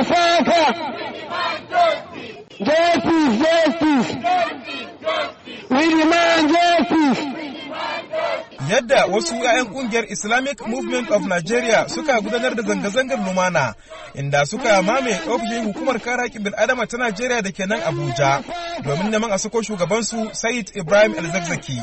Masaka. Justice, justice. We demand justice. Yadda wasu 'ya'yan ƙungiyar Islamic Movement of Nigeria suka gudanar da zanga-zangar lumana inda suka mame ofishin hukumar kare haƙƙin bil'adama ta Najeriya da ke nan Abuja domin neman a sako shugabansu Said Ibrahim El Zakzaki.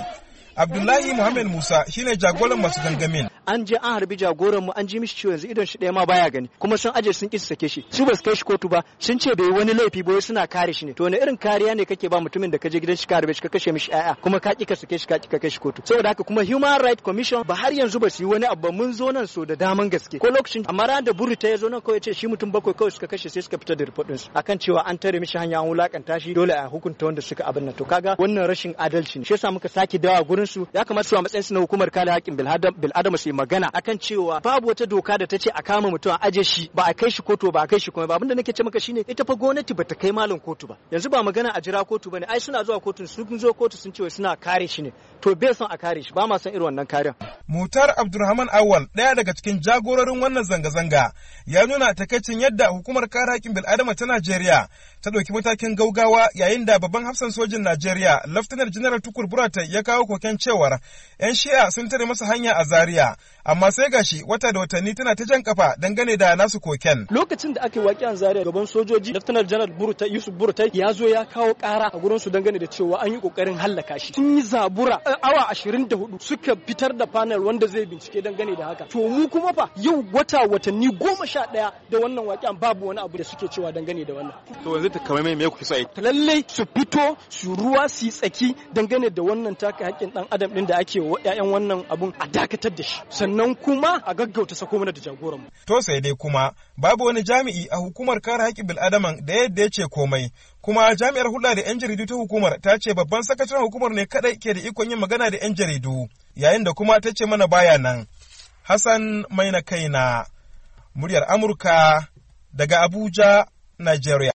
Abdullahi Muhammad Musa shine jagoran masu gangamin an je an harbi jagoran mu an ji mishi ciwo yanzu idon shi ɗaya ma baya gani kuma sun aje sun ki sake shi su basu kai shi kotu ba sun ce bai wani laifi ba suna kare shi ne to wani irin kariya ne kake ba mutumin da ka je gidan shi ka harbe shi ka kashe mishi ƴaƴa kuma ka ki ka sake shi ka ƙi ka kai shi kotu saboda haka kuma human right commission ba har yanzu ba su yi wani abu mun zo nan so da daman gaske ko lokacin amma ran da burita ya zo nan kawai ce shi mutum bakwai kawai suka kashe sai suka fitar da report A akan cewa an tare mishi hanya an wulakanta shi dole a hukunta wanda suka abin nan to kaga wannan rashin adalci ne shi yasa muka sake dawa gurin su ya kamata su a matsayin su na hukumar kare haƙƙin bil'adama su magana akan cewa babu wata doka da ta ce a kama mutum a aje shi ba a kai shi kotu ba a kai shi kuma ba abinda nake ce maka shine ita fa gwamnati bata kai malam kotu ba yanzu ba magana a jira kotu bane ai suna zuwa kotu sun zo kotu sun ce suna kare shi ne to bai son a kare shi ba ma san irin wannan kariyar Motar Abdulrahman Awal, ɗaya daga cikin jagororin wannan zanga-zanga, ya nuna takaicin yadda hukumar kare haƙƙin bil'adama ta Najeriya ta ɗauki matakin gaugawa yayin da babban hafsan sojin Najeriya, Laftanar Janar Tukur Burata ya kawo koken cewar 'yan shi'a sun tare masa hanya a Zaria. amma sai gashi wata da watanni tana ta jan kafa dangane da nasu koken lokacin da aka yi an zariya gaban sojoji laftanar janar burtai yusuf burtai ya zo ya kawo ƙara a gurin su dangane da cewa an yi ƙoƙarin hallaka shi sun yi zabura awa ashirin da hudu suka fitar da panel wanda zai bincike dangane da haka to mu kuma fa yau wata watanni goma sha ɗaya da wannan an babu wani abu da suke cewa dangane da wannan to yanzu ta kamar me kuke so lallai su fito su ruwa su yi tsaki dangane da wannan taka haƙƙin ɗan adam ɗin da ake wa 'ya'yan wannan abun a dakatar da shi sannan sannan kuma a gaggauta sako mana da jagoran mu. To sai dai kuma babu wani jami'i a hukumar kare haƙƙin bil'adaman da yadda ya ce komai kuma jami'ar hulɗa da 'yan jaridu ta hukumar ta ce babban sakataren hukumar ne kadai ke da ikon yin magana da 'yan jaridu yayin da kuma ta ce mana baya nan. Hassan Maina Kaina, muryar Amurka daga Abuja, Najeriya.